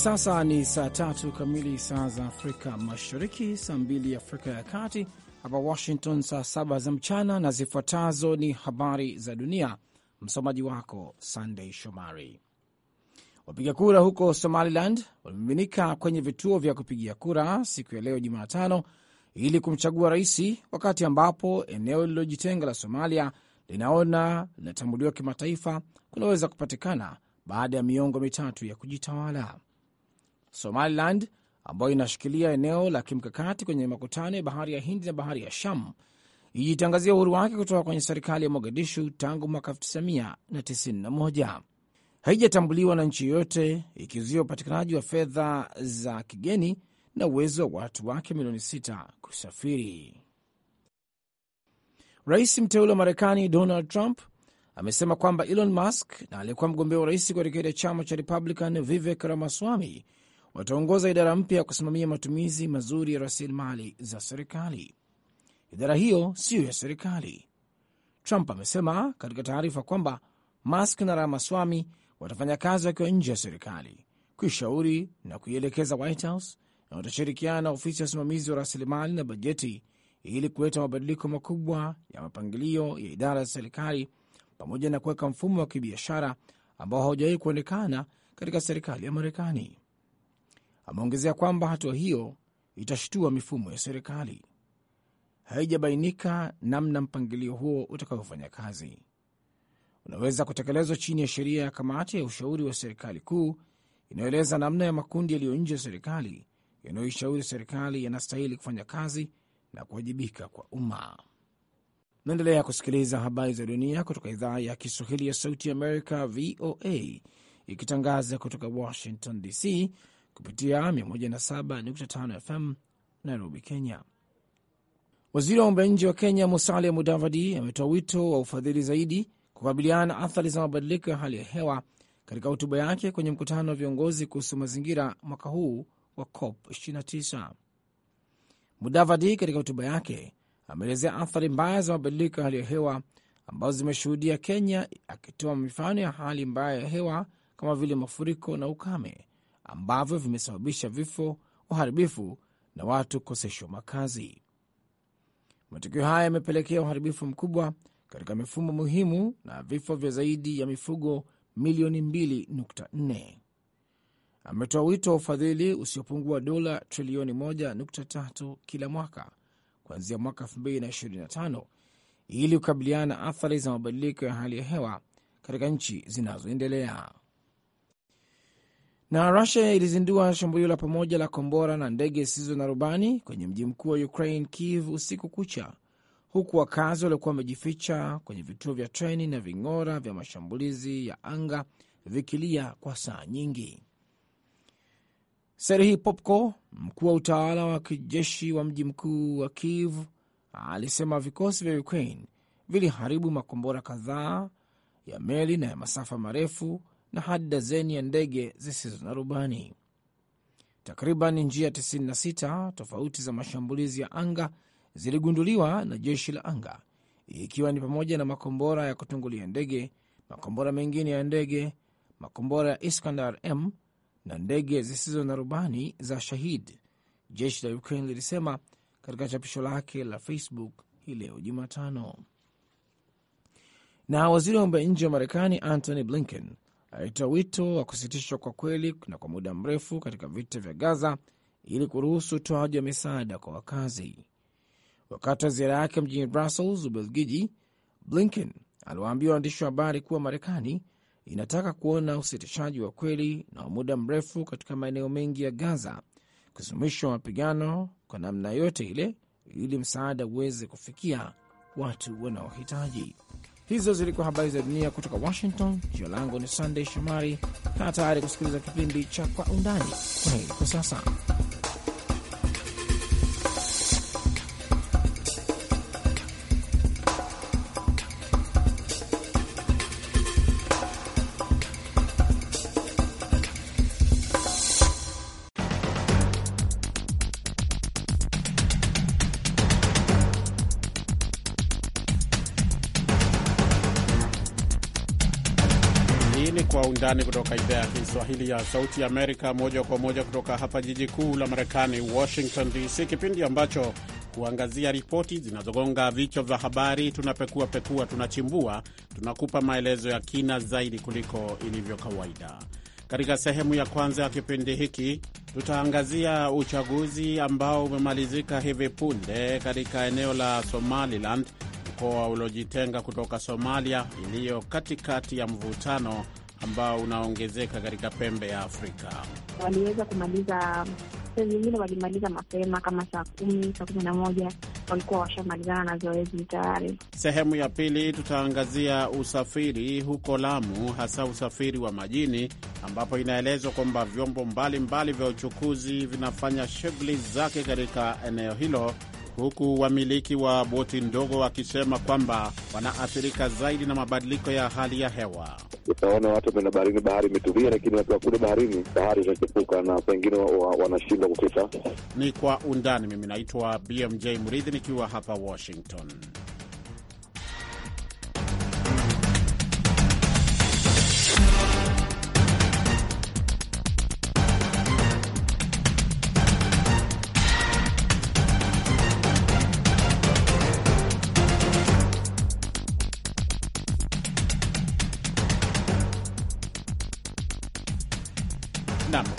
sasa ni saa tatu kamili saa za Afrika Mashariki, saa mbili Afrika ya Kati, hapa Washington saa saba za mchana, na zifuatazo ni habari za dunia. Msomaji wako sandey Shomari. Wapiga kura huko Somaliland wamemiminika kwenye vituo vya kupigia kura siku ya leo Jumatano ili kumchagua raisi, wakati ambapo eneo lililojitenga la Somalia linaona linatambuliwa kimataifa kunaweza kupatikana baada ya miongo mitatu ya kujitawala. Somaliland ambayo inashikilia eneo la kimkakati kwenye makutano ya bahari ya Hindi na bahari ya Sham ijitangazia uhuru wake kutoka kwenye serikali ya Mogadishu tangu mwaka 1991. Haijatambuliwa na nchi yoyote, ikizuia upatikanaji wa fedha za kigeni na uwezo wa watu wake milioni sita kusafiri. Rais mteule wa Marekani Donald Trump amesema kwamba Elon Musk na aliyekuwa mgombea wa rais kuelekea chama cha Republican Vivek Ramaswamy wataongoza idara mpya ya kusimamia matumizi mazuri ya rasilimali za serikali. Idara hiyo siyo ya serikali. Trump amesema katika taarifa kwamba Musk na Ramaswamy watafanya kazi wakiwa nje ya serikali kuishauri na kuielekeza White House na watashirikiana na ofisi ya usimamizi wa rasilimali na bajeti ili kuleta mabadiliko makubwa ya mapangilio ya idara za serikali pamoja na kuweka mfumo wa kibiashara ambao haujawahi kuonekana katika serikali ya Marekani. Ameongezea kwamba hatua hiyo itashtua mifumo ya serikali. Haijabainika namna mpangilio huo utakavyofanya kazi, unaweza kutekelezwa chini ya sheria ya kamati ya ushauri wa serikali kuu inayoeleza namna ya makundi yaliyo nje ya serikali yanayoishauri serikali yanastahili kufanya kazi na kuwajibika kwa umma. Naendelea kusikiliza habari za dunia kutoka idhaa ya Kiswahili ya Sauti ya Amerika, VOA, ikitangaza kutoka Washington DC kupitia 107.5 FM Nairobi, Kenya. Waziri wa mambo ya nje wa Kenya Musalia Mudavadi ametoa wito wa ufadhili zaidi kukabiliana na athari za mabadiliko ya hali ya hewa katika hotuba yake kwenye mkutano wa viongozi kuhusu mazingira mwaka huu wa COP 29. Mudavadi katika hotuba yake ameelezea athari mbaya za mabadiliko ya hali ya hewa ambazo zimeshuhudia Kenya, akitoa mifano ya hali mbaya ya hewa kama vile mafuriko na ukame ambavyo vimesababisha vifo, uharibifu na watu kukoseshwa makazi. Matukio haya yamepelekea uharibifu mkubwa katika mifumo muhimu na vifo vya zaidi ya mifugo milioni 2.4. Ametoa wito wa ufadhili usiopungua dola trilioni 1.3 kila mwaka kuanzia mwaka 2025 ili kukabiliana na athari za mabadiliko ya hali ya hewa katika nchi zinazoendelea. Na Rusia ilizindua shambulio la pamoja la kombora na ndege zisizo na rubani kwenye mji mkuu wa Ukraine, Kiev, usiku kucha, huku wakazi waliokuwa wamejificha kwenye vituo vya treni na ving'ora vya mashambulizi ya anga vikilia kwa saa nyingi. Serhii Popko, mkuu wa utawala wa kijeshi wa mji mkuu wa Kiev, alisema vikosi vya Ukraine viliharibu makombora kadhaa ya meli na ya masafa marefu na hadi dazeni ya ndege zisizo na rubani. Takriban njia 96 tofauti za mashambulizi ya anga ziligunduliwa na jeshi la anga, ikiwa ni pamoja na makombora ya kutungulia ndege, makombora mengine ya ndege, makombora ya Iskandar M na ndege zisizo na rubani za Shahid, jeshi la Ukraine lilisema katika chapisho lake la Facebook hii leo Jumatano. Na waziri wa mambo ya nje wa Marekani Antony Blinken alitoa wito wa kusitishwa kwa kweli na kwa muda mrefu katika vita vya Gaza ili kuruhusu utoaji wa misaada kwa wakazi. Wakati wa ziara yake mjini Brussels, Ubelgiji, Blinken aliwaambia waandishi wa habari kuwa Marekani inataka kuona usitishaji wa kweli na wa muda mrefu katika maeneo mengi ya Gaza, kusimamishwa mapigano kwa namna yote ile, ili msaada uweze kufikia watu wanaohitaji. Hizo zilikuwa habari za dunia kutoka Washington. Jina langu ni Sandey Shomari. Kaa tayari kusikiliza kipindi cha Kwa Undani. Kwa heri kwa sasa. Undani kutoka idhaa ya Kiswahili ya Sauti ya Amerika, moja kwa moja kutoka hapa jiji kuu la Marekani, Washington DC, kipindi ambacho kuangazia ripoti zinazogonga vichwa vya habari. Tunapekua pekua, tunachimbua, tunakupa maelezo ya kina zaidi kuliko ilivyo kawaida. Katika sehemu ya kwanza ya kipindi hiki tutaangazia uchaguzi ambao umemalizika hivi punde katika eneo la Somaliland, mkoa uliojitenga kutoka Somalia iliyo katikati ya mvutano ambao unaongezeka katika pembe ya Afrika. Waliweza kumaliza sehemu zingine, walimaliza mapema kama saa kumi, saa kumi na moja walikuwa washamalizana na zoezi tayari. Sehemu ya pili tutaangazia usafiri huko Lamu, hasa usafiri wa majini, ambapo inaelezwa kwamba vyombo mbalimbali vya uchukuzi vinafanya shughuli zake katika eneo hilo, huku wamiliki wa boti ndogo wakisema kwamba wanaathirika zaidi na mabadiliko ya hali ya hewa utaona watu wameenda baharini, bahari imetulia, lakini watu kule baharini, bahari zinachepuka na pengine wanashindwa wa, wa kupita. Ni kwa undani. Mimi naitwa BMJ Mridhi nikiwa hapa Washington.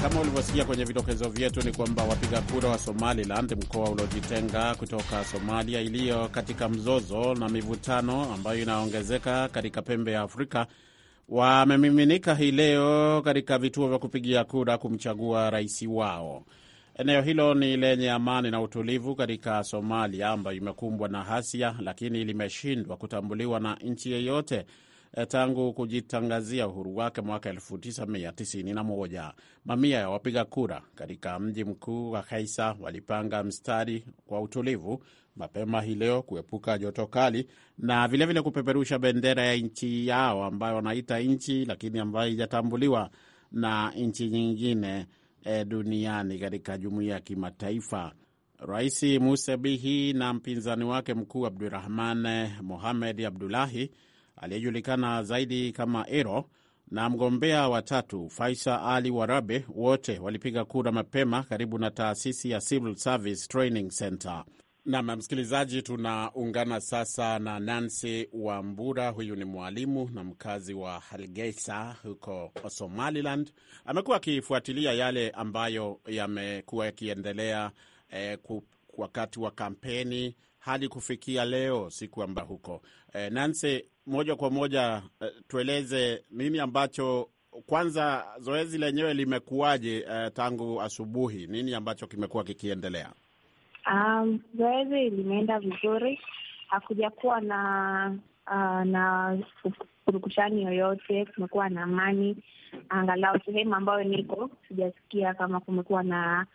Kama ulivyosikia kwenye vidokezo vyetu, ni kwamba wapiga kura wa Somaliland, mkoa uliojitenga kutoka Somalia iliyo katika mzozo na mivutano ambayo inaongezeka katika pembe ya Afrika, wamemiminika hii leo katika vituo vya kupigia kura kumchagua rais wao. Eneo hilo ni lenye amani na utulivu katika Somalia ambayo imekumbwa na hasia, lakini limeshindwa kutambuliwa na nchi yeyote Eh, tangu kujitangazia uhuru wake mwaka 1991. Mamia ya wapiga kura katika mji mkuu wa Kaisa walipanga mstari kwa utulivu mapema hii leo kuepuka joto kali na vilevile vile kupeperusha bendera ya nchi yao ambayo wanaita nchi, lakini ambayo haijatambuliwa na nchi nyingine e, duniani katika jumuiya ya kimataifa. Rais Musebihi na mpinzani wake mkuu Abdurahman eh, Mohamed Abdulahi aliyejulikana zaidi kama Ero na mgombea watatu Faisa Ali Warabe wote walipiga kura mapema karibu na taasisi ya Civil Service Training Center. Nam msikilizaji, tunaungana sasa na Nancy Wambura. Huyu ni mwalimu na mkazi wa halgeisa huko Somaliland. Amekuwa akifuatilia yale ambayo yamekuwa yakiendelea eh, wakati wa kampeni hadi kufikia leo siku ambayo huko eh, Nancy, moja kwa moja eh, tueleze nini ambacho kwanza zoezi lenyewe limekuwaje? Uh, tangu asubuhi nini ambacho kimekuwa kikiendelea? Um, zoezi limeenda vizuri, hakuja kuwa na uh, na kurukushani yoyote. Kumekuwa na amani, angalau sehemu ambayo niko sijasikia kama kumekuwa na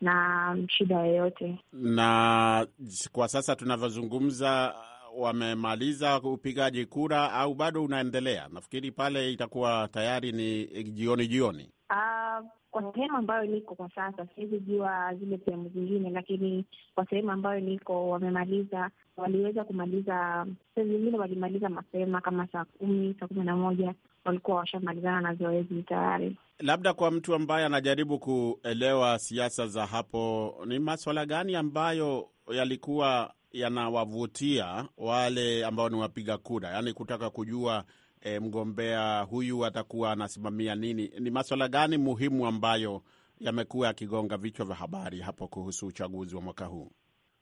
na shida yoyote. Na kwa sasa tunavyozungumza wamemaliza upigaji kura au bado unaendelea? Nafikiri pale itakuwa tayari ni jioni jioni. Uh, kwa sehemu ambayo niko kwa sasa, siwezi jua zile sehemu zingine, lakini kwa sehemu ambayo niko wamemaliza, waliweza kumaliza. Sehemu zingine walimaliza mapema kama saa kumi, saa kumi na moja walikuwa washamalizana na zoezi tayari. Labda kwa mtu ambaye anajaribu kuelewa siasa za hapo, ni maswala gani ambayo yalikuwa yanawavutia wale ambao ni wapiga kura, yaani kutaka kujua e, mgombea huyu atakuwa anasimamia nini? Ni maswala gani muhimu ambayo yamekuwa yakigonga vichwa vya habari hapo kuhusu uchaguzi wa mwaka huu?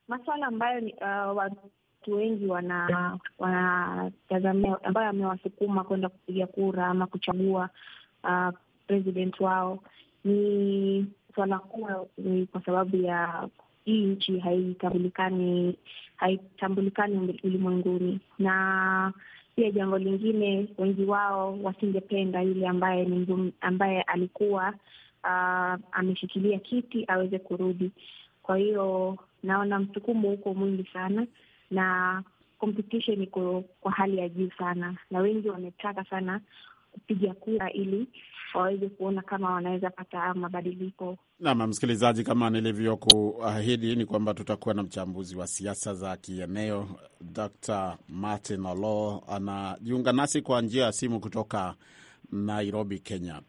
Maswala ambayo ni, uh, watu wengi wana wanatazamia ambayo amewasukuma kwenda kupiga kura ama kuchagua uh, president wao ni swala kuu, ni kwa sababu ya hii nchi haitambulikani haitambulikani ulimwenguni, na pia jambo lingine, wengi wao wasingependa yule ambaye ni ambaye alikuwa uh, ameshikilia kiti aweze kurudi. Kwa hiyo naona msukumo huko mwingi sana na competition iko kwa hali ya juu sana, na wengi wametaka sana kupiga kura ili waweze kuona kama wanaweza pata mabadiliko. Naam, msikilizaji, kama nilivyokuahidi ni kwamba tutakuwa na mchambuzi wa siasa za kieneo Dr. Martin Olo anajiunga nasi kwa njia ya simu kutoka Nairobi, Kenya.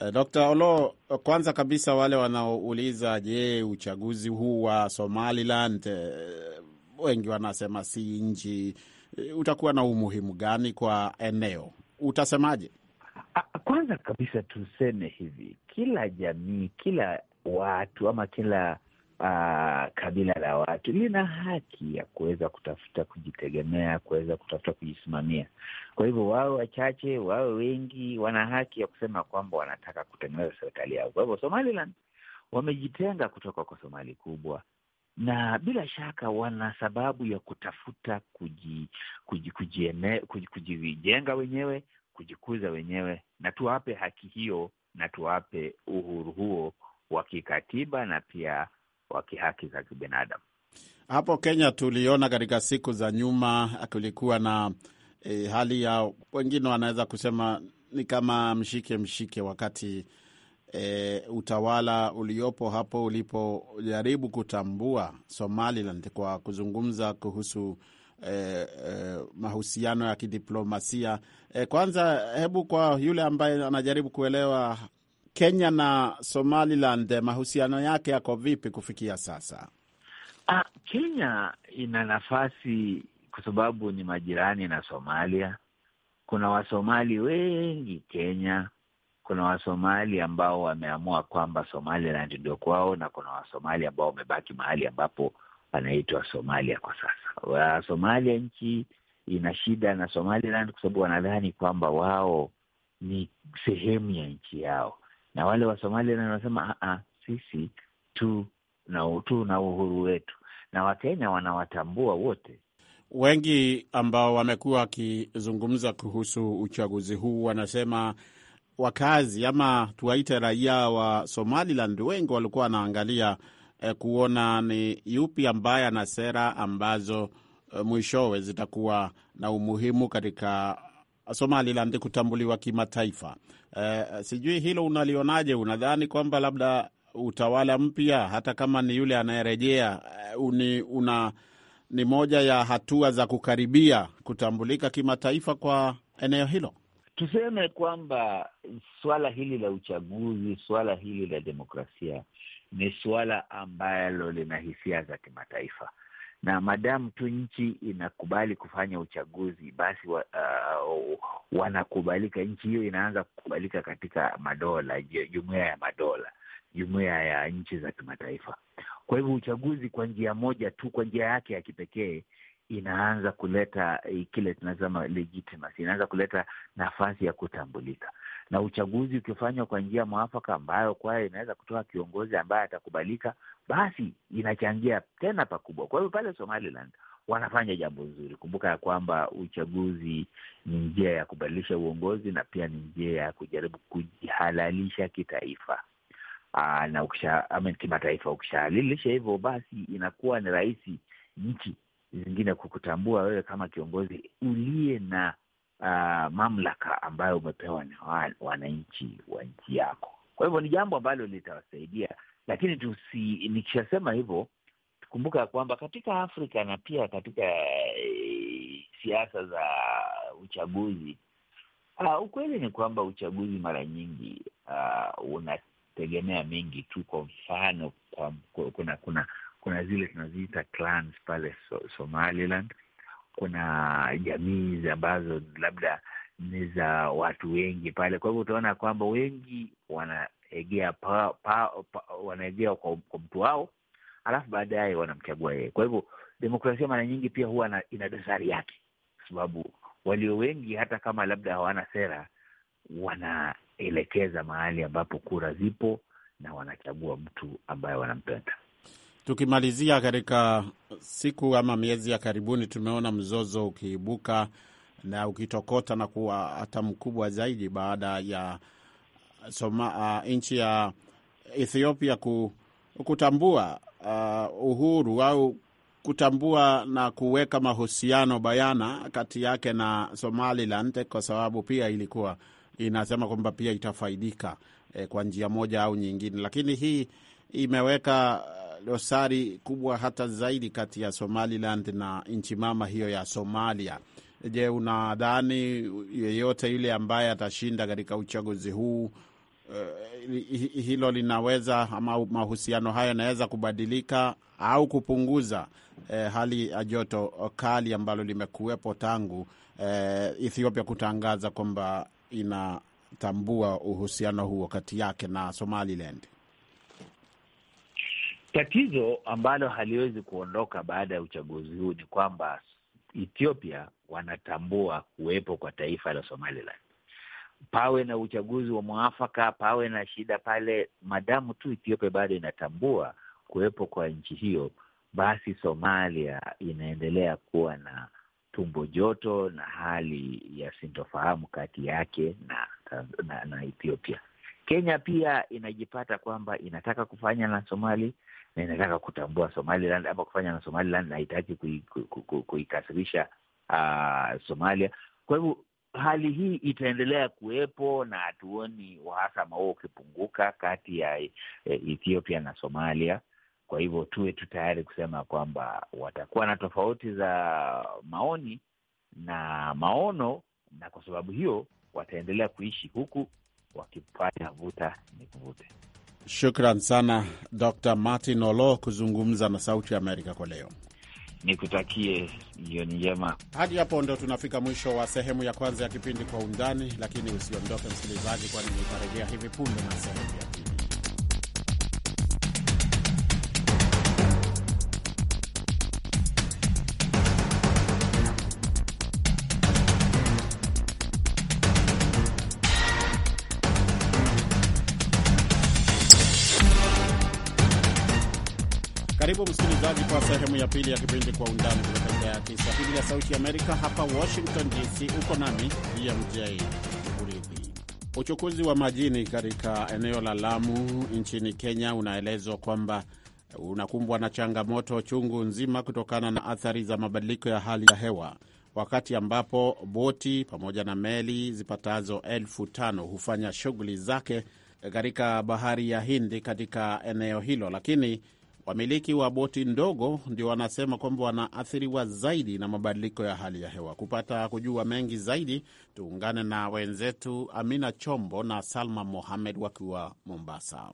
Eh, Dr. Olo, kwanza kabisa wale wanaouliza, je, uchaguzi huu wa Somaliland eh, wengi wanasema si nchi, eh, utakuwa na umuhimu gani kwa eneo? Utasemaje? kwanza kabisa tuseme hivi, kila jamii, kila watu ama kila uh, kabila la watu lina haki ya kuweza kutafuta kujitegemea, kuweza kutafuta kujisimamia. Kwa hivyo, wawe wachache, wawe wengi, wana haki ya kusema kwamba wanataka kutengeneza serikali yao. Kwa hivyo, Somaliland wamejitenga kutoka kwa Somali kubwa na bila shaka wana sababu ya kutafuta kujijenga kuji, kuji, kuji, kuji wenyewe, kujikuza wenyewe, na tuwape haki hiyo na tuwape uhuru huo wa kikatiba na pia wa kihaki za kibinadamu. Hapo Kenya tuliona katika siku za nyuma eh, kulikuwa na e, hali ya wengine wanaweza kusema ni kama mshike mshike, wakati e, utawala uliopo hapo ulipojaribu kutambua Somaliland kwa kuzungumza kuhusu eh, eh, mahusiano ya kidiplomasia eh. Kwanza hebu kwa yule ambaye anajaribu kuelewa Kenya na Somaliland mahusiano yake yako vipi kufikia sasa? A, ah, Kenya ina nafasi kwa sababu ni majirani na Somalia. Kuna Wasomali wengi Kenya, kuna Wasomali ambao wameamua kwamba Somaliland ndio kwao, na kuna Wasomali ambao wamebaki mahali ambapo panaitwa Somalia kwa sasa. Wa Somalia nchi ina shida na Somaliland kwa sababu wanadhani kwamba wao ni sehemu ya nchi yao, na wale wa Somaliland wanasema a ah, a, ah, sisi tu na utu na uhuru wetu, na Wakenya wanawatambua wote. Wengi ambao wamekuwa wakizungumza kuhusu uchaguzi huu wanasema wakazi ama tuwaite raia wa Somaliland wengi walikuwa wanaangalia Eh, kuona ni yupi ambaye ana sera ambazo eh, mwishowe zitakuwa na umuhimu katika Somaliland kutambuliwa kimataifa. Eh, sijui hilo unalionaje? Unadhani kwamba labda utawala mpya hata kama ni yule anayerejea eh, ni, una, ni moja ya hatua za kukaribia kutambulika kimataifa kwa eneo hilo? Tuseme kwamba swala hili la uchaguzi, swala hili la demokrasia ni suala ambalo lina hisia za kimataifa, na madamu tu nchi inakubali kufanya uchaguzi, basi wa, uh, wanakubalika. Nchi hiyo inaanza kukubalika katika madola, jumuia ya madola, jumuia ya nchi za kimataifa. Kwa hivyo uchaguzi kwa njia moja tu, kwa njia yake ya kipekee inaanza kuleta eh, kile tunasema legitimacy, inaanza kuleta nafasi ya kutambulika na uchaguzi ukifanywa kwa njia mwafaka ambayo kwayo inaweza kutoa kiongozi ambaye atakubalika, basi inachangia tena pakubwa. Kwa hiyo pale Somaliland wanafanya jambo nzuri. Kumbuka ya kwamba uchaguzi ni njia ya kubadilisha uongozi na pia ni njia ya kujaribu kujihalalisha kitaifa Aa, ah, na ukisha, kimataifa. Ukishahalilisha hivyo basi inakuwa ni rahisi nchi zingine kukutambua wewe kama kiongozi uliye na uh, mamlaka ambayo umepewa na wananchi wa nchi yako. Kwa hivyo ni jambo ambalo litawasaidia, lakini tusi, nikishasema hivyo tukumbuka kwamba katika Afrika na pia katika e, siasa za uchaguzi uh, ukweli ni kwamba uchaguzi mara nyingi uh, unategemea mengi tu. Kwa mfano, kuna kuna kuna zile tunaziita clans pale so, Somaliland kuna jamii ambazo labda ni za watu wengi pale. Kwa hivyo utaona kwamba wengi wanaegea pa, pa, pa, wanaegea kwa, kwa mtu wao, alafu baadaye wanamchagua yeye. Kwa hivyo demokrasia mara nyingi pia huwa na, ina dosari yake, kwa sababu walio wengi hata kama labda hawana sera wanaelekeza mahali ambapo kura zipo na wanachagua mtu ambaye wanampenda. Tukimalizia, katika siku ama miezi ya karibuni tumeona mzozo ukiibuka na ukitokota na kuwa hata mkubwa zaidi baada ya soma, uh, nchi ya Ethiopia ku, kutambua uh, uhuru au kutambua na kuweka mahusiano bayana kati yake na Somaliland kwa sababu pia ilikuwa inasema kwamba pia itafaidika eh, kwa njia moja au nyingine, lakini hii imeweka dosari kubwa hata zaidi kati ya Somaliland na nchi mama hiyo ya Somalia. Je, unadhani yeyote yule ambaye atashinda katika uchaguzi huu Uh, hilo linaweza ama mahusiano hayo yanaweza kubadilika au kupunguza eh, hali ya joto kali ambalo limekuwepo tangu eh, Ethiopia kutangaza kwamba inatambua uhusiano huo kati yake na Somaliland. Tatizo ambalo haliwezi kuondoka baada ya uchaguzi huu ni kwamba Ethiopia wanatambua kuwepo kwa taifa la Somaliland. Pawe na uchaguzi wa mwafaka, pawe na shida pale, madamu tu Ethiopia bado inatambua kuwepo kwa nchi hiyo, basi Somalia inaendelea kuwa na tumbo joto na hali ya sintofahamu kati yake na, na, na Ethiopia. Kenya pia inajipata kwamba inataka kufanya na Somali na inataka kutambua Somaliland ama kufanya na Somaliland na haitaki kuikasirisha kui, kui, uh, Somalia. Kwa hivyo hali hii itaendelea kuwepo na hatuoni uhasama huo ukipunguka kati ya eh, Ethiopia na Somalia. Kwa hivyo tuwe tu tayari kusema kwamba watakuwa na tofauti za maoni na maono, na kwa sababu hiyo wataendelea kuishi huku wakifanya vuta ni kuvute. Shukran sana Dr. Martin Olo kuzungumza na Sauti Amerika kwa leo. Nikutakie jioni njema. Hadi hapo ndo tunafika mwisho wa sehemu ya kwanza ya kipindi Kwa Undani, lakini usiondoke msikilizaji, kwani nitarejea hivi punde na sehemu ya Karibu msikilizaji kwa sehemu ya pili ya kipindi Kwa Undani kutoka idhaa ya Kiswahili ya Sauti Amerika, hapa Washington DC. Uko nami BMJ Mridhi. Uchukuzi wa majini katika eneo la Lamu nchini Kenya unaelezwa kwamba unakumbwa na changamoto chungu nzima kutokana na athari za mabadiliko ya hali ya hewa, wakati ambapo boti pamoja na meli zipatazo elfu tano hufanya shughuli zake katika bahari ya Hindi katika eneo hilo, lakini Wamiliki wa boti ndogo ndio wanasema kwamba wanaathiriwa zaidi na mabadiliko ya hali ya hewa. Kupata kujua mengi zaidi, tuungane na wenzetu Amina Chombo na Salma Mohamed wakiwa Mombasa.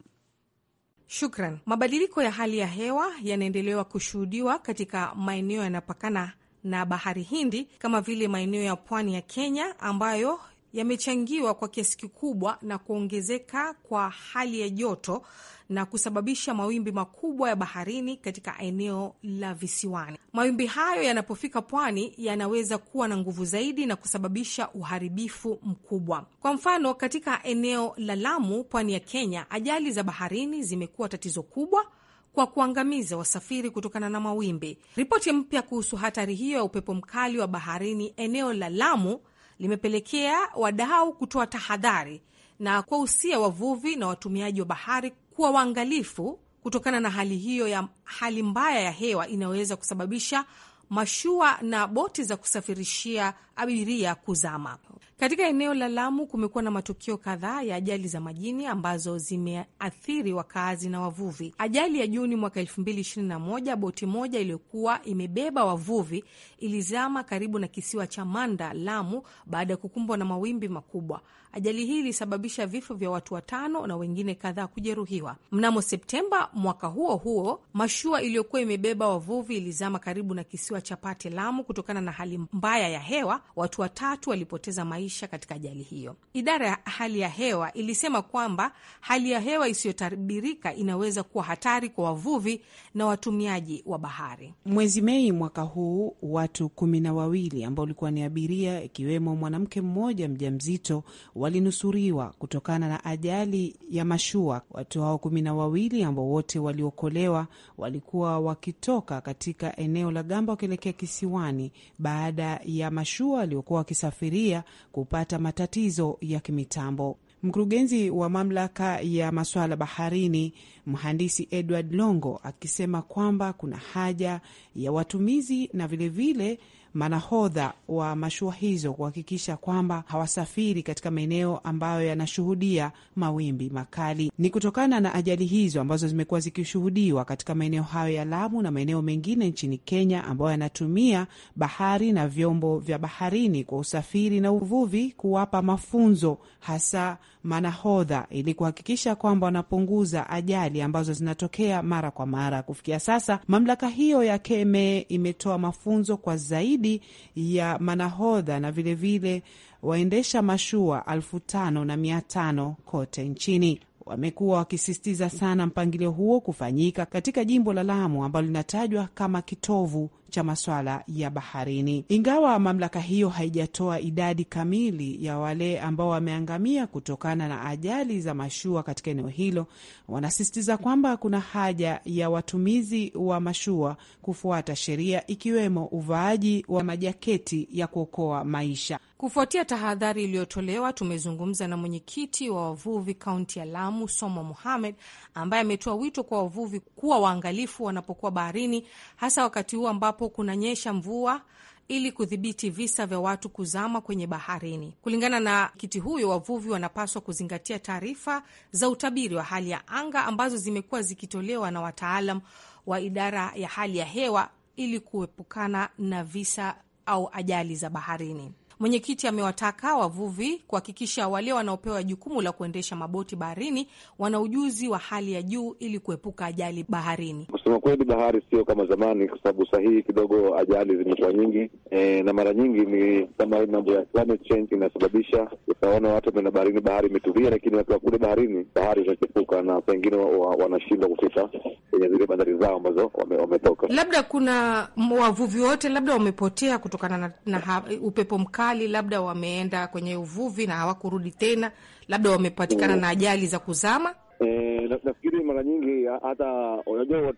Shukran. Mabadiliko ya hali ya hewa yanaendelewa kushuhudiwa katika maeneo yanapakana na bahari Hindi kama vile maeneo ya pwani ya Kenya ambayo yamechangiwa kwa kiasi kikubwa na kuongezeka kwa hali ya joto na kusababisha mawimbi makubwa ya baharini katika eneo la visiwani. Mawimbi hayo yanapofika pwani yanaweza kuwa na nguvu zaidi na kusababisha uharibifu mkubwa. Kwa mfano, katika eneo la Lamu, pwani ya Kenya, ajali za baharini zimekuwa tatizo kubwa kwa kuangamiza wasafiri kutokana na mawimbi. Ripoti mpya kuhusu hatari hiyo ya upepo mkali wa baharini eneo la Lamu limepelekea wadau kutoa tahadhari na kuwahusia wavuvi na watumiaji wa bahari kuwa waangalifu kutokana na hali hiyo ya hali mbaya ya hewa inayoweza kusababisha mashua na boti za kusafirishia abiria kuzama. Katika eneo la Lamu kumekuwa na matukio kadhaa ya ajali za majini ambazo zimeathiri wakaazi na wavuvi. Ajali ya Juni mwaka 2021, boti moja iliyokuwa imebeba wavuvi ilizama karibu na kisiwa cha Manda, Lamu, baada ya kukumbwa na mawimbi makubwa. Ajali hii ilisababisha vifo vya watu watano na wengine kadhaa kujeruhiwa. Mnamo Septemba mwaka huo huo, mashua iliyokuwa imebeba wavuvi ilizama karibu na kisiwa wa Chapati, Lamu, kutokana na hali mbaya ya hewa, watu watatu walipoteza maisha katika ajali hiyo. Idara ya hali ya hewa ilisema kwamba hali ya hewa isiyotabirika inaweza kuwa hatari kwa wavuvi na watumiaji wa bahari. Mwezi Mei mwaka huu watu kumi na wawili ambao walikuwa ni abiria, ikiwemo mwanamke mmoja mjamzito, walinusuriwa kutokana na ajali ya mashua. Watu hao kumi na wawili ambao wote waliokolewa walikuwa wakitoka katika eneo la Gamba wakielekea kisiwani baada ya mashua waliokuwa wakisafiria kupata matatizo ya kimitambo. Mkurugenzi wa mamlaka ya masuala baharini, mhandisi Edward Longo, akisema kwamba kuna haja ya watumizi na vilevile vile manahodha wa mashua hizo kuhakikisha kwamba hawasafiri katika maeneo ambayo yanashuhudia mawimbi makali. Ni kutokana na ajali hizo ambazo zimekuwa zikishuhudiwa katika maeneo hayo ya Lamu na maeneo mengine nchini Kenya ambayo yanatumia bahari na vyombo vya baharini kwa usafiri na uvuvi, kuwapa mafunzo hasa manahodha ili kuhakikisha kwamba wanapunguza ajali ambazo zinatokea mara kwa mara. Kufikia sasa, mamlaka hiyo ya Keme imetoa mafunzo kwa zaidi ya manahodha na vilevile vile waendesha mashua elfu tano na mia tano kote nchini wamekuwa wakisisitiza sana mpangilio huo kufanyika katika jimbo la Lamu ambalo linatajwa kama kitovu cha masuala ya baharini. Ingawa mamlaka hiyo haijatoa idadi kamili ya wale ambao wameangamia kutokana na ajali za mashua katika eneo hilo, wanasisitiza kwamba kuna haja ya watumizi wa mashua kufuata sheria, ikiwemo uvaaji wa majaketi ya kuokoa maisha. Kufuatia tahadhari iliyotolewa, tumezungumza na mwenyekiti wa wavuvi kaunti ya Lamu, Somo muhamed ambaye ametoa wito kwa wavuvi kuwa waangalifu wanapokuwa baharini, hasa wakati huu ambapo kunanyesha mvua ili kudhibiti visa vya watu kuzama kwenye baharini. Kulingana na kiti huyo, wavuvi wanapaswa kuzingatia taarifa za utabiri wa hali ya anga ambazo zimekuwa zikitolewa na wataalam wa idara ya hali ya hewa ili kuepukana na visa au ajali za baharini. Mwenyekiti amewataka wavuvi kuhakikisha wale wanaopewa jukumu la kuendesha maboti baharini wana ujuzi wa hali ya juu ili kuepuka ajali baharini. Kusema kweli, bahari sio kama zamani, kwa sababu sahihi kidogo ajali zimekuwa nyingi e, na mara nyingi ni kama mambo ya climate change inasababisha utaona watu wameenda baharini, bahari imetulia, lakini watu kule baharini, bahari zinachepuka na pengine wanashindwa kufika kwenye zile bandari zao ambazo wametoka. Labda kuna wavuvi wote labda wamepotea kutokana na, na upepo mkali mbali, labda wameenda kwenye uvuvi na hawakurudi tena, labda wamepatikana mm. na ajali za kuzama. E, nafikiri mara nyingi hata unajua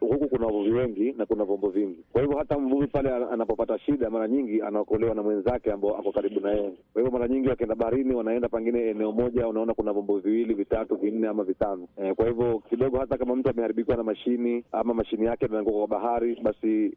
huku kuna wavuvi wengi na kuna vyombo vingi, kwa hivyo hata mvuvi pale anapopata shida, mara nyingi anaokolewa na mwenzake ambao ako karibu na yeye. Kwa hivyo mara nyingi wakienda baharini, wanaenda pengine eneo moja, unaona kuna vyombo viwili vitatu vinne ama vitano. E, kwa hivyo kidogo, hata kama mtu ameharibikiwa na mashini ama mashini yake imeanguka kwa bahari, basi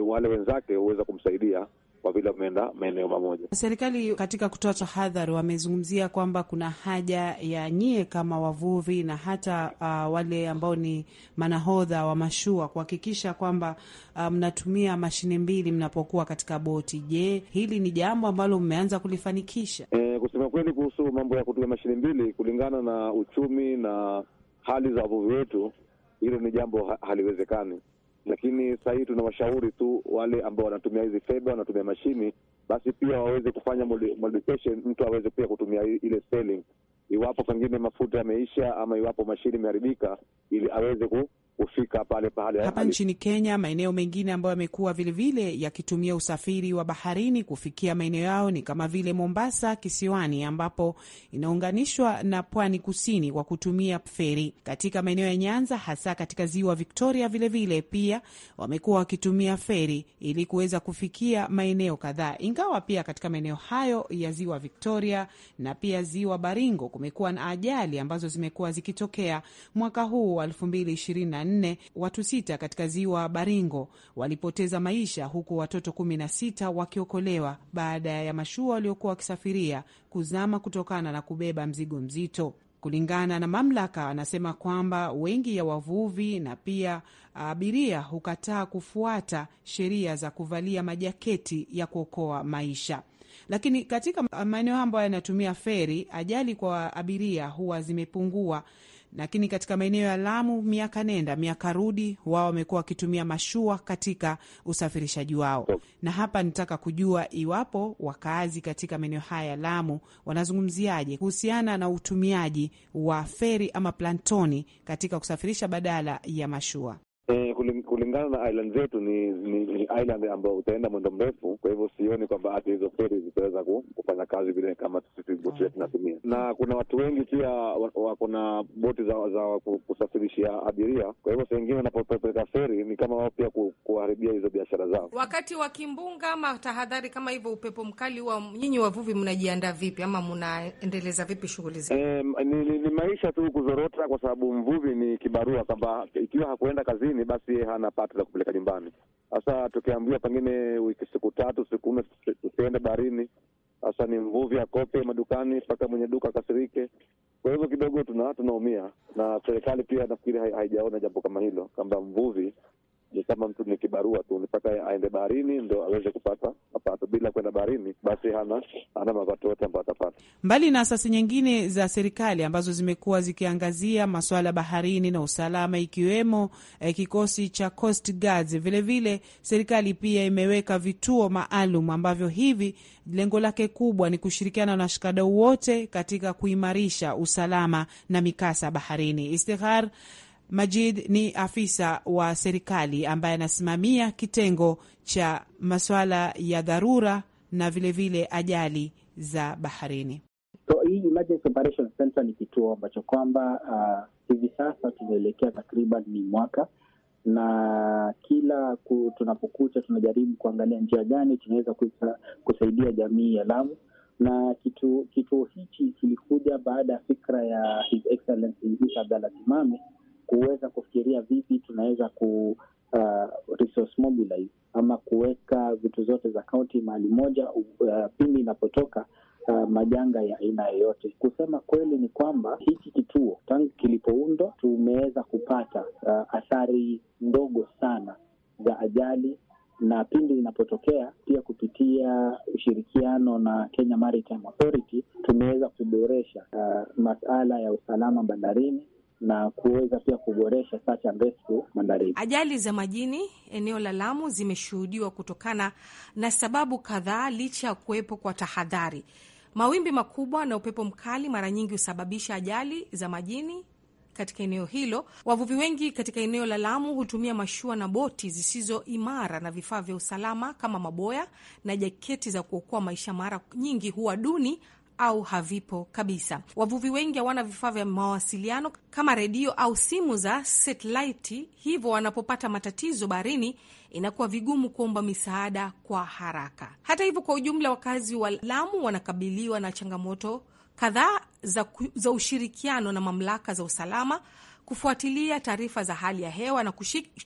wale wenzake huweza kumsaidia kwa vile wameenda maeneo mamoja. Serikali katika kutoa tahadhari wamezungumzia kwamba kuna haja ya nyie kama wavuvi na hata uh, wale ambao ni manahodha wa mashua kuhakikisha kwamba uh, mnatumia um, mashine mbili mnapokuwa katika boti. Je, hili ni jambo ambalo mmeanza kulifanikisha? E, kusema kweli kuhusu mambo ya kutumia mashine mbili, kulingana na uchumi na hali za wavuvi wetu, hilo ni jambo haliwezekani lakini sahii tuna tunawashauri tu wale ambao wanatumia hizi fedha, wanatumia mashini, basi pia waweze kufanya modification, mtu aweze pia kutumia ile selling, iwapo pengine mafuta yameisha ama iwapo mashini imeharibika, ili aweze ku kufika pale pale hapa Nchini Kenya, maeneo mengine ambayo yamekuwa vilevile yakitumia usafiri wa baharini kufikia maeneo yao ni kama vile Mombasa kisiwani, ambapo inaunganishwa na pwani kusini kwa kutumia feri. Katika maeneo ya Nyanza, hasa katika ziwa Victoria vilevile vile, pia wamekuwa wakitumia feri ili kuweza kufikia maeneo kadhaa, ingawa pia katika maeneo hayo ya ziwa Victoria na pia ziwa Baringo kumekuwa na ajali ambazo zimekuwa zikitokea mwaka huu wa elfu mbili ishirini na nne watu sita katika ziwa Baringo walipoteza maisha huku watoto kumi na sita wakiokolewa baada ya mashua waliokuwa wakisafiria kuzama kutokana na kubeba mzigo mzito. Kulingana na mamlaka, anasema kwamba wengi ya wavuvi na pia abiria hukataa kufuata sheria za kuvalia majaketi ya kuokoa maisha. Lakini katika maeneo ambayo yanatumia feri, ajali kwa abiria huwa zimepungua lakini katika maeneo ya Lamu miaka nenda miaka rudi, wao wamekuwa wakitumia mashua katika usafirishaji wao, na hapa nitaka kujua iwapo wakaazi katika maeneo haya ya Lamu wanazungumziaje kuhusiana na utumiaji wa feri ama plantoni katika kusafirisha badala ya mashua. E, kulingana na island zetu ni, ni, ni island ambayo utaenda mwendo mrefu. Kwa hivyo sioni kwamba hata hizo feri zitaweza kufanya kazi vile kama boti oh, tunatumia. Na kuna watu wengi pia wako na boti za, za kusafirishia abiria. Kwa hivyo saa ingine wanapopeleka feri ni kama wao pia kuharibia hizo biashara zao. Wakati wa kimbunga ama tahadhari kama hivyo, upepo mkali wa nyinyi wavuvi mnajiandaa vipi ama mnaendeleza vipi shughuli zenu? E, ni, ni, ni maisha tu kuzorota, kwa sababu mvuvi ni kibarua kwamba ikiwa hakuenda kazini hamsini, basi yeye hana pato la kupeleka nyumbani. Sasa tukiambiwa pengine wiki siku tatu siku nne tusiende baharini, sasa ni mvuvi akope madukani mpaka mwenye duka akasirike. Kwa hivyo kidogo tuna- tunaumia, na serikali pia nafikiri haijaona jambo kama hilo kwamba mvuvi ni kama mtu ni kibarua tu, nipaka aende baharini ndo aweze kupata mapato. Bila kwenda baharini, basi hana hana mapato yote ambayo atapata. Mbali na asasi nyingine za serikali ambazo zimekuwa zikiangazia maswala baharini na usalama, ikiwemo eh, kikosi cha Coast Guards. Vilevile serikali pia imeweka vituo maalum ambavyo hivi lengo lake kubwa ni kushirikiana na washikadau wote katika kuimarisha usalama na mikasa baharini. Istighar Majid ni afisa wa serikali ambaye anasimamia kitengo cha masuala ya dharura na vilevile vile ajali za baharini. So, hii Emergency Center ni kituo ambacho kwamba uh, hivi uh, sasa tunaelekea takriban ni mwaka na kila tunapokucha tunajaribu kuangalia njia gani tunaweza kusa, kusaidia jamii ya Lamu na kituo kitu hichi kilikuja baada ya fikra ya His Excellency Abdalla kuweza kufikiria vipi tunaweza ku uh, resource mobilize ama kuweka vitu zote za kaunti mahali moja uh, pindi inapotoka Uh, majanga ya aina yoyote. Kusema kweli ni kwamba hiki kituo tangu kilipoundwa tumeweza kupata uh, athari ndogo sana za ajali, na pindi inapotokea pia, kupitia ushirikiano na Kenya Maritime Authority tumeweza kuboresha uh, masala ya usalama bandarini na kuweza pia kuboresha search and rescue Ajali za majini eneo la Lamu zimeshuhudiwa kutokana na sababu kadhaa, licha ya kuwepo kwa tahadhari. Mawimbi makubwa na upepo mkali mara nyingi husababisha ajali za majini katika eneo hilo. Wavuvi wengi katika eneo la Lamu hutumia mashua na boti zisizo imara na vifaa vya usalama kama maboya na jaketi za kuokoa maisha mara nyingi huwa duni au havipo kabisa. Wavuvi wengi hawana vifaa vya mawasiliano kama redio au simu za satelaiti, hivyo wanapopata matatizo baharini inakuwa vigumu kuomba misaada kwa haraka. Hata hivyo, kwa ujumla, wakazi wa Lamu wanakabiliwa na changamoto kadhaa za, za ushirikiano na mamlaka za usalama kufuatilia taarifa za hali ya hewa na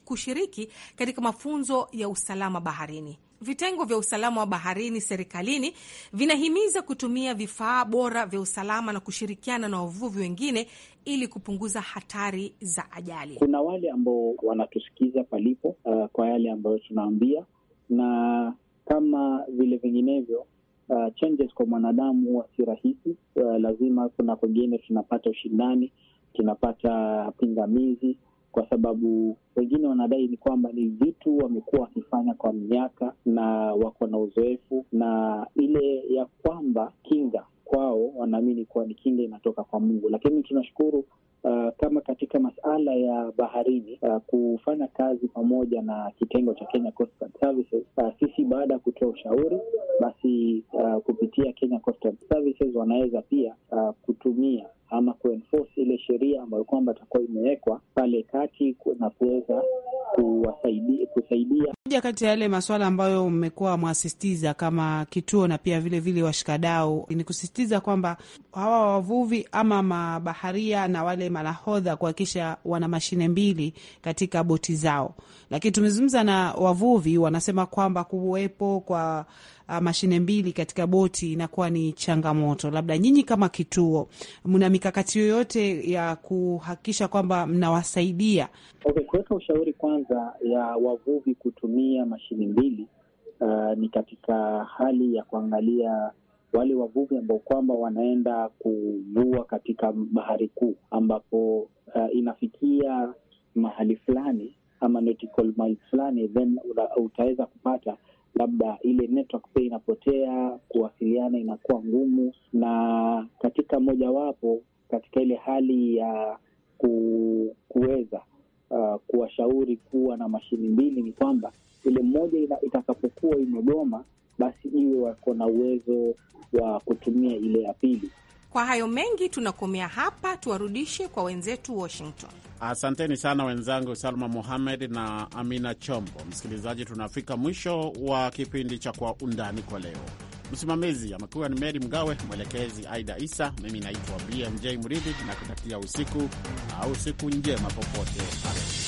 kushiriki katika mafunzo ya usalama baharini. Vitengo vya usalama wa baharini serikalini vinahimiza kutumia vifaa bora vya usalama na kushirikiana na wavuvi wengine ili kupunguza hatari za ajali. Kuna wale ambao wanatusikiza palipo, uh, kwa yale ambayo tunaambia na kama vile vinginevyo Uh, changes kwa mwanadamu huwa si rahisi. Uh, lazima kuna kwengine tunapata ushindani, tunapata pingamizi kwa sababu wengine wanadai ni kwamba ni vitu wamekuwa wakifanya kwa miaka na wako na uzoefu, na ile ya kwamba kinga kwao wanaamini kuwa ni kinga inatoka kwa Mungu, lakini tunashukuru Uh, kama katika masala ya baharini uh, kufanya kazi pamoja na kitengo cha Kenya Services uh, sisi baada ya kutoa ushauri basi, uh, kupitia Kenya Services wanaweza pia uh, kutumia ama kuenforce ile sheria ambayo kwamba itakuwa imewekwa pale kati na kuweza kusaidia. Moja kati ya yale masuala ambayo mmekuwa mwasisitiza kama kituo na pia vile vile washikadau ni kusisitiza kwamba hawa wavuvi ama mabaharia na wale manahodha kuhakikisha wana mashine mbili katika boti zao. Lakini tumezungumza na wavuvi, wanasema kwamba kuwepo kwa uh, mashine mbili katika boti inakuwa ni changamoto. Labda nyinyi kama kituo mna mikakati yoyote ya kuhakikisha kwamba mnawasaidia? Okay, kuweka ushauri kwanza ya wavuvi kutumia mashine mbili uh, ni katika hali ya kuangalia wale wavuvi ambao kwamba wanaenda kuvua katika bahari kuu ambapo uh, inafikia mahali fulani ama nautical fulani, then utaweza kupata labda ile network pia inapotea, kuwasiliana inakuwa ngumu, na katika mojawapo katika ile hali ya ku, kuweza uh, kuwashauri kuwa na mashini mbili ni kwamba ile mmoja itakapokuwa imegoma, basi iwe wako na uwezo wa kutumia ile ya pili. Kwa hayo mengi, tunakomea hapa, tuwarudishe kwa wenzetu Washington. Asanteni sana wenzangu Salma muhamed na Amina Chombo. Msikilizaji, tunafika mwisho wa kipindi cha Kwa Undani kwa leo. Msimamizi amekuwa ni Meri Mgawe, mwelekezi Aida Isa. Mimi naitwa BMJ Mridhi na kutakia usiku au siku njema popote pale.